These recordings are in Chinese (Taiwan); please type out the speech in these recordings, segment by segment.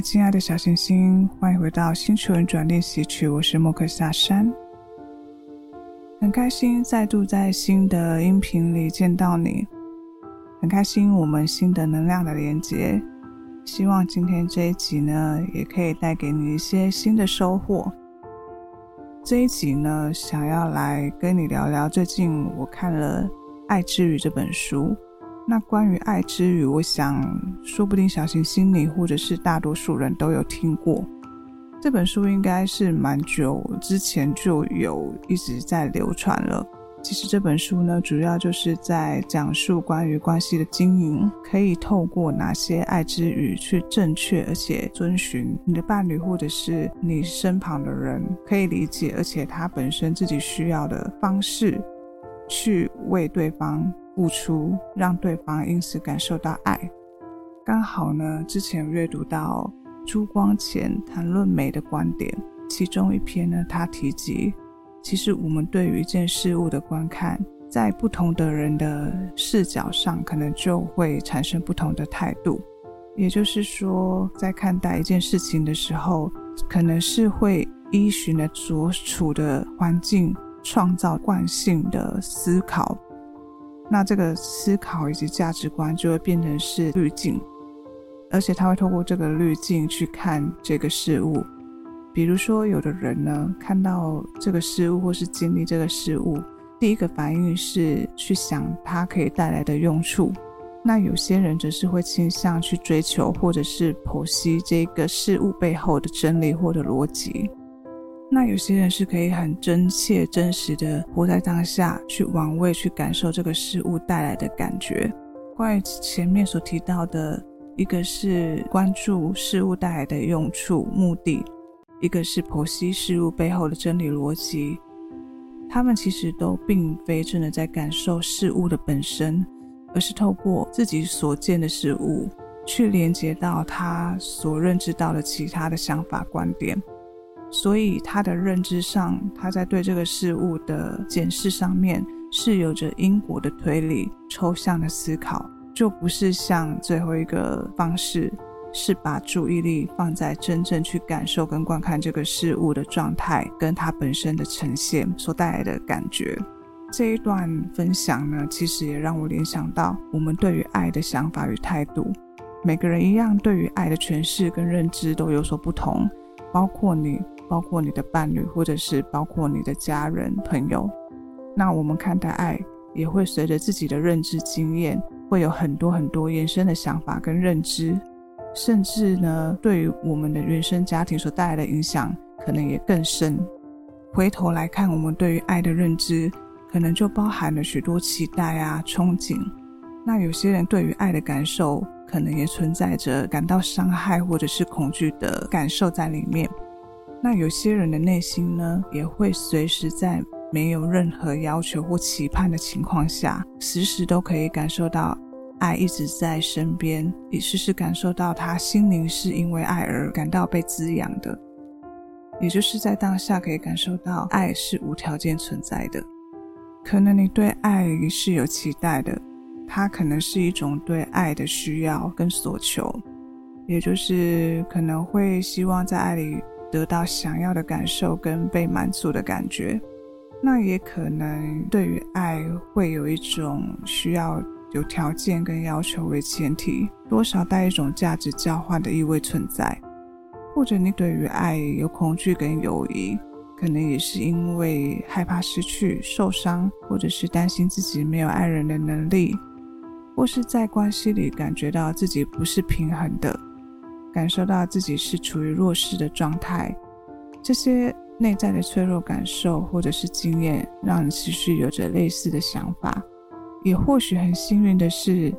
親愛的小星星，歡迎回到星球轉念練習曲，我是莫克夏山。很開心再度在新的音頻裡見到你，很開心我們新的能量的連接。希望今天這一集呢，也可以帶給你一些新的收穫。這一集呢，想要來跟你聊聊最近我看了《愛之語》這本書。那關於愛之語，我想說不定小行星裡或者是大多數人都有聽過。這本書應該是蠻久之前就有一直在流傳了。其實這本書呢，主要就是在講述關於關係的經營，可以透過哪些愛之語去正確而且遵循你的伴侶或者是你身旁的人可以理解，而且他本身自己需要的方式，去為對方付出，讓對方因此感受到愛。剛好呢，之前閱讀到朱光潛談論美的觀點，其中一篇呢，他提及，其實我們對於一件事物的觀看，在不同的人的視角上，可能就會產生不同的態度。也就是說，在看待一件事情的時候，可能是會依循着所處的環境，創造慣性的思考。那這個思考以及價值觀就會變成是濾鏡，而且他會透過這個濾鏡去看這個事物。比如說，有的人呢看到這個事物或是經歷這個事物，第一個反應是去想它可以帶來的用處；那有些人則是會傾向去追求或者是剖析這個事物背後的真理或者邏輯。那有些人是可以很真切、真實的活在當下，去玩味，去感受這個事物帶來的感覺。關於前面所提到的，一個是關注事物帶來的用處、目的，一個是剖析事物背後的真理邏輯。他們其實都並非真的在感受事物的本身，而是透過自己所見的事物，去連接到他所認知到的其他的想法、觀點。所以他的認知上，他在對這個事物的檢視上面是有着因果的推理、抽象的思考，就不是像最後一個方式，是把注意力放在真正去感受跟觀看這個事物的狀態，跟它本身的呈現所帶來的感覺。這一段分享呢，其實也讓我聯想到我們對於愛的想法與態度，每個人一樣，對於愛的詮釋跟認知都有所不同，包括你。包括你的伴侶，或者是包括你的家人、朋友，那我們看待愛也會隨着自己的認知經驗，會有很多很多延伸的想法跟認知，甚至呢，對於我們的原生家庭所帶來的影響，可能也更深。回頭來看，我們對於愛的認知，可能就包含了許多期待啊、憧憬。那有些人對於愛的感受，可能也存在着感到傷害或者是恐懼的感受在裡面。那有些人的內心呢，也會隨時在沒有任何要求或期盼的情況下，時時都可以感受到愛一直在身邊，也時時感受到他心靈是因為愛而感到被滋養的，也就是在當下可以感受到愛是無條件存在的。可能你對愛是有期待的，它可能是一種對愛的需要跟索求，也就是可能會希望在愛裡。得到想要的感受跟被滿足的感覺，那也可能對於愛會有一種需要有條件跟要求為前提，多少帶一種價值交換的意味存在。或者你對於愛有恐懼跟猶疑，可能也是因為害怕失去、受傷，或者是擔心自己沒有愛人的能力，或是在關係裡感覺到自己不是平衡的。感受到自己是處於弱勢的狀態，這些內在的脆弱感受或者是經驗，讓你持續有着類似的想法。也或許很幸運的是，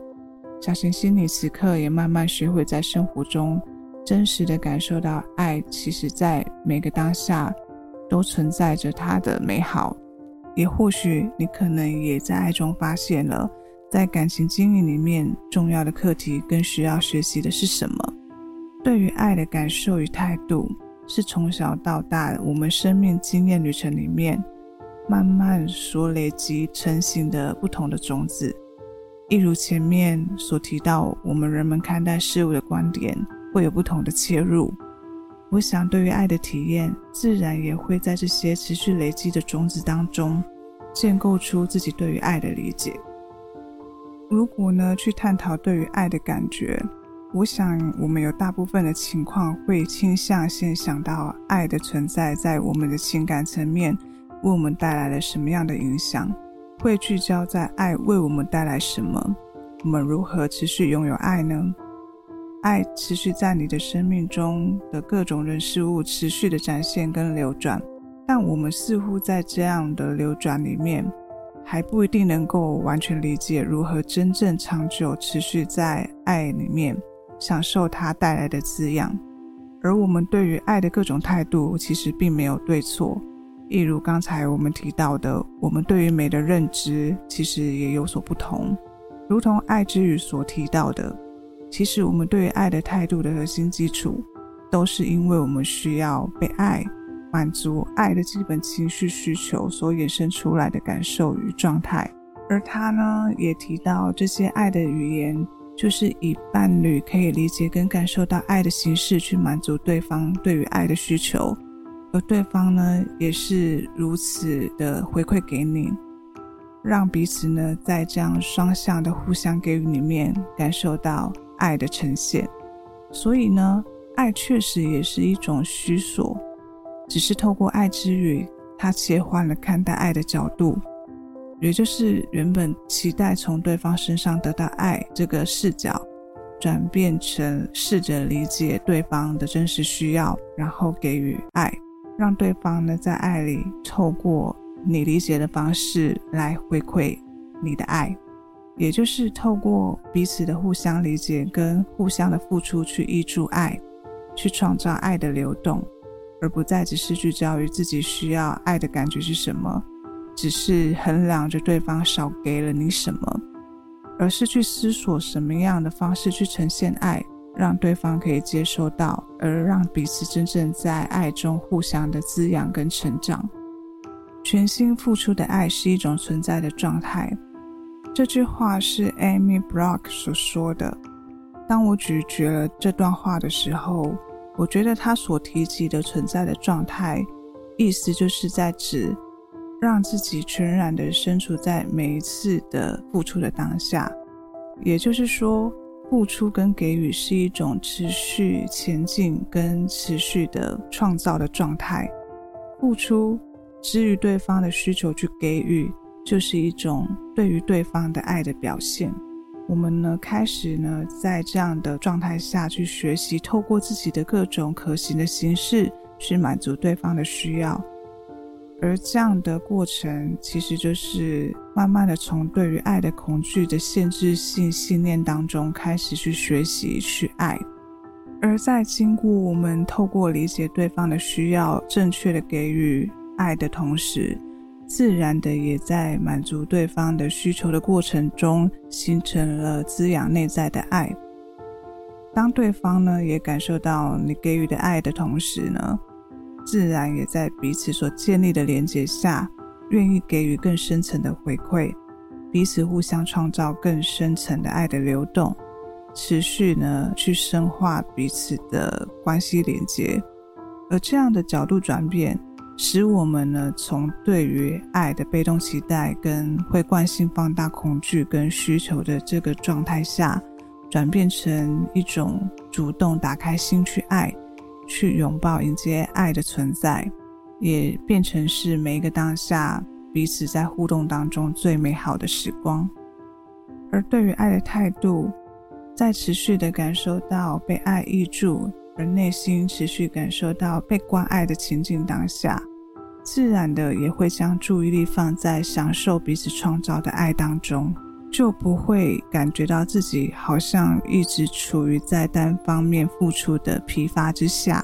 小賢心你此刻也慢慢學會在生活中真實的感受到愛，其實，在每個當下都存在着它的美好。也或許你可能也在愛中發現了，在感情經營裡面重要的課題，更需要學習的是什麼。對於愛的感受與態度，是從小到大我們生命經驗旅程裡面慢慢所累積成型的不同的種子。一如前面所提到，我們人們看待事物的觀點會有不同的切入。我想，對於愛的體驗，自然也會在這些持續累積的種子當中，建構出自己對於愛的理解。如果呢，去探討對於愛的感覺。我想，我們有大部分的情況會傾向先想到愛的存在，在我們的情感層面為我們帶來了什麼樣的影響？會聚焦在愛為我們帶來什麼？我們如何持續擁有愛呢？愛持續在你的生命中的各種人事物持續的展現跟流轉，但我們似乎在這樣的流轉裡面，還不一定能夠完全理解如何真正長久持續在愛裡面。享受它帶來的滋養，而我們對於愛的各種態度，其實並沒有對錯。一如剛才我們提到的，我們對於美的認知其實也有所不同。如同愛之語所提到的，其實我們對於愛的態度的核心基礎，都是因為我們需要被愛，滿足愛的基本情緒需求所衍生出來的感受與狀態。而他呢，也提到這些愛的語言。就是以伴侶可以理解跟感受到愛的形式去滿足對方對於愛的需求，而對方呢也是如此的回饋給你，讓彼此呢在這樣雙向的互相給予裡面感受到愛的呈現。所以呢，愛確實也是一種需求，只是透過愛之語，他切換了看待愛的角度。也就是原本期待從對方身上得到愛這個視角，轉變成試着理解對方的真實需要，然後給予愛，讓對方呢在愛裡透過你理解的方式來回饋你的愛，也就是透過彼此的互相理解跟互相的付出去挹注愛，去創造愛的流動，而不再只是聚焦於自己需要愛的感覺是什麼。只是衡量着對方少給了你什麼，而是去思索什麼樣的方式去呈現愛，讓對方可以接受到，而讓彼此真正在愛中互相的滋養跟成長。全心付出的愛是一種存在的狀態。這句話是 Amy Brock 所說的。當我咀嚼了這段話的時候，我覺得他所提及的存在的狀態，意思就是在指。讓自己全然的身處在每一次的付出的當下，也就是說，付出跟給予是一種持續前進跟持續的創造的狀態。付出基於對方的需求去給予，就是一種對於對方的愛的表現。我們呢，開始呢，在這樣的狀態下去學習，透過自己的各種可行的形式去滿足對方的需要。而這樣的過程，其實就是慢慢的從對於愛的恐懼的限制性信念當中開始去學習去愛，而在經過我們透過理解對方的需要，正確的給予愛的同時，自然的也在滿足對方的需求的過程中，形成了滋養內在的愛。當對方呢，也感受到你給予的愛的同時呢，自然也在彼此所建立的連接下，願意給予更深層的回饋，彼此互相創造更深層的愛的流動，持續呢去深化彼此的關係連接。而這樣的角度轉變，使我們呢從對於愛的被動期待，跟會慣性放大恐懼跟需求的這個狀態下，轉變成一種主動打開心去愛。去擁抱、迎接愛的存在，也變成是每一個當下彼此在互動當中最美好的時光。而對於愛的態度，在持續的感受到被愛挹注，而內心持續感受到被關愛的情境當下，自然的也會將注意力放在享受彼此創造的愛當中，就不會感覺到自己好像一直處於在單方面付出的疲乏之下，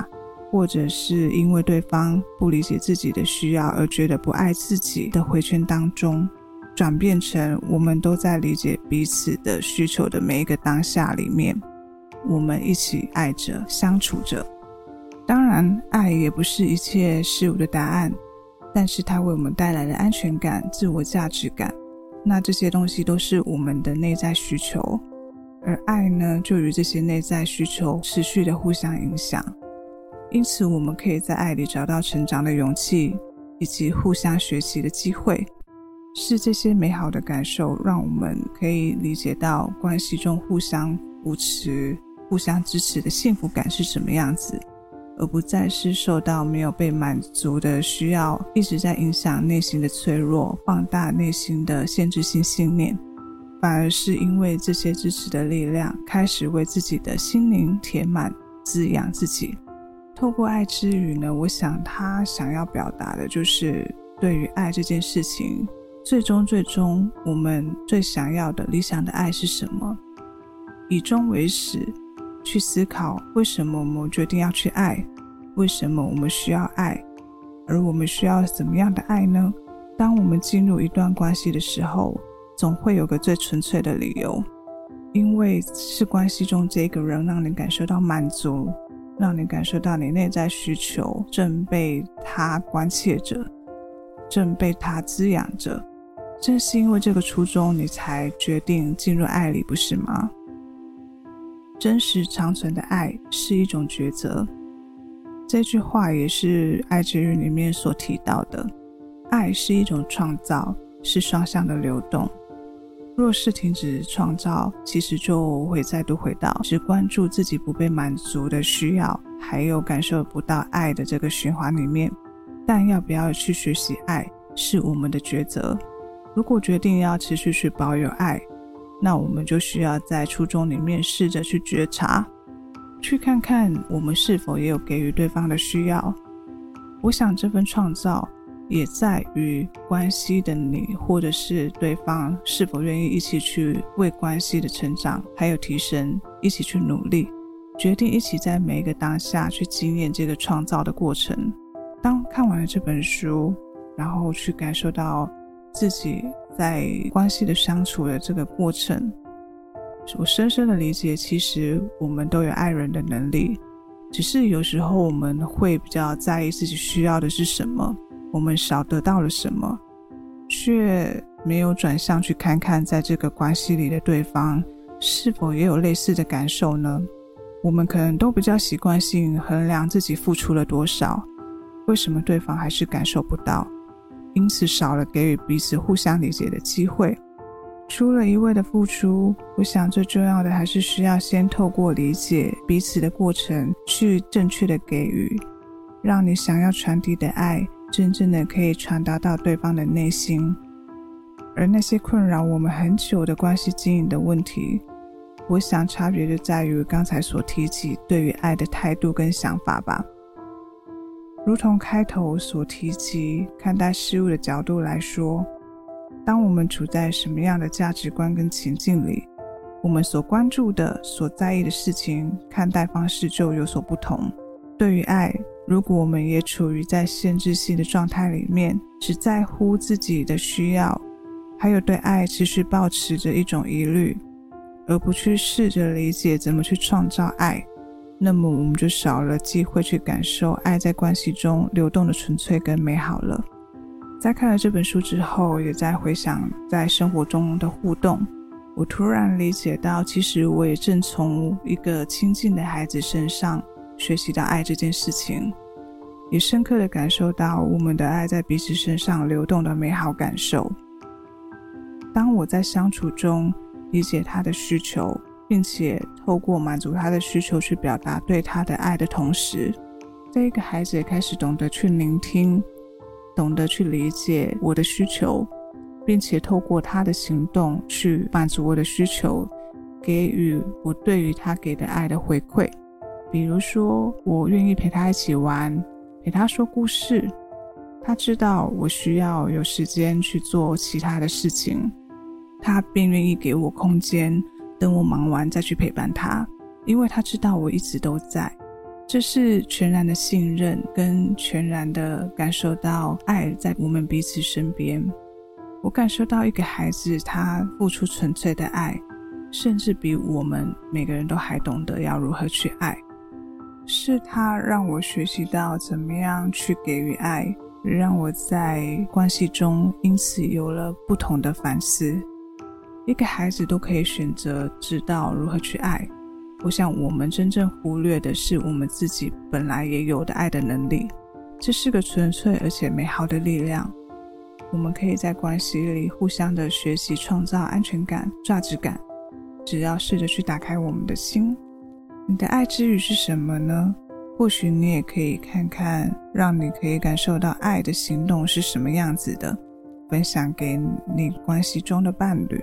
或者是因為對方不理解自己的需要而覺得不愛自己的回圈當中，轉變成我們都在理解彼此的需求的每一個當下裡面，我們一起愛着相處着。當然，愛也不是一切事物的答案，但是它為我們帶來了安全感、自我價值感。那這些東西都是我們的內在需求，而愛呢，就與這些內在需求持續的互相影響。因此，我們可以在愛裡找到成長的勇氣，以及互相學習的機會。是這些美好的感受，讓我們可以理解到關係中互相扶持、互相支持的幸福感是什麼樣子。而不再是受到沒有被滿足的需要一直在影響內心的脆弱，放大內心的限制性信念，反而是因為這些支持的力量開始為自己的心靈填滿，滋養自己。透過愛之語呢，我想他想要表達的就是對於愛這件事情，最終最終我們最想要的理想的愛是什麼？以終為始。去思考為什麼我們決定要去愛，為什麼我們需要愛，而我們需要怎麼樣的愛呢？當我們進入一段關係的時候，總會有個最純粹的理由，因為是關係中這個人讓你感受到滿足，讓你感受到你內在需求正被他關切着，正被他滋養着，正是因為這個初衷，你才決定進入愛裡，不是嗎？真實長存的愛是一種抉擇，這句話也是《愛之語》裡面所提到的。愛是一種創造，是雙向的流動。若是停止創造，其實就會再度回到只關注自己不被滿足的需要，還有感受不到愛的這個循環裡面。但要不要去學習愛，是我們的抉擇。如果決定要持續去保有愛，那我們就需要在初衷裡面試着去覺察，去看看我們是否也有給予對方的需要。我想這份創造也在於關係的你或者是對方是否願意一起去為關係的成長還有提升一起去努力，決定一起在每一個當下去經驗這個創造的過程。當看完了這本書，然後去感受到自己。在關係的相處的這個過程，我深深的理解，其實我們都有愛人的能力，只是有時候我們會比較在意自己需要的是什麼，我們少得到了什麼，卻沒有轉向去看看，在這個關係裡的對方是否也有類似的感受呢？我們可能都比較習慣性衡量自己付出了多少，為什麼對方還是感受不到？因此少了給予彼此互相理解的機會，除了一味的付出，我想最重要的還是需要先透過理解彼此的過程，去正確的給予，讓你想要傳遞的愛，真正的可以傳達到對方的內心。而那些困擾我們很久的關係經營的問題，我想差別就在於剛才所提及對於愛的態度跟想法吧。如同開頭所提及，看待事物的角度來說，當我們處在什麼樣的價值觀跟情境裡，我們所關注的、所在意的事情，看待方式就有所不同。對於愛，如果我們也處於在限制性的狀態裡面，只在乎自己的需要，還有對愛持續保持着一種疑慮，而不去試着理解怎麼去創造愛。那麼，我們就少了機會去感受愛在關係中流動的純粹跟美好了。在看了這本書之後，也在回想在生活中的互動，我突然理解到，其實我也正從一個親近的孩子身上學習到愛這件事情，也深刻的感受到我們的愛在彼此身上流動的美好感受。當我在相處中理解他的需求。並且透過滿足他的需求去表達對他的愛的同時，這一個孩子也開始懂得去聆聽，懂得去理解我的需求，並且透過他的行動去滿足我的需求，給予我對於他給的愛的回饋。比如說，我願意陪他一起玩，陪他說故事。他知道我需要有時間去做其他的事情，他便願意給我空間。等我忙完再去陪伴他，因為他知道我一直都在。這是全然的信任，跟全然的感受到愛在我們彼此身邊。我感受到一個孩子，他付出純粹的愛，甚至比我們每個人都還懂得要如何去愛。是他讓我學習到怎麼樣去給予愛，讓我在關係中因此有了不同的反思。一個孩子都可以選擇知道如何去愛。我想，我們真正忽略的是我們自己本來也有的愛的能力。這是個純粹而且美好的力量。我們可以在關係裡互相的學習，創造安全感、價值感。只要試着去打開我們的心。你的愛之語是什麼呢？或許你也可以看看，讓你可以感受到愛的行動是什麼樣子的。分享給你關係中的伴侶。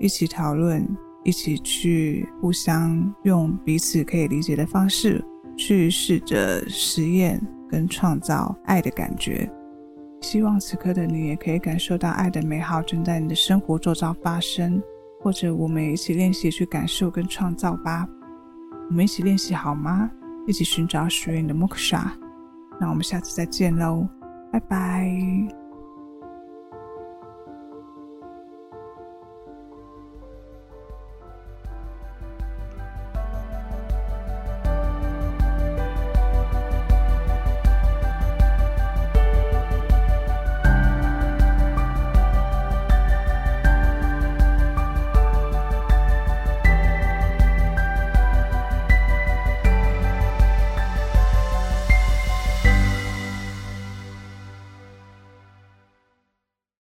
一起討論，一起去互相用彼此可以理解的方式去試着實驗跟創造愛的感覺。希望此刻的你也可以感受到愛的美好正在你的生活做到發生，或者我們一起練習去感受跟創造吧。我們一起練習好嗎？一起尋找屬於你的 Moksha。那我們下次再見嘍，拜拜。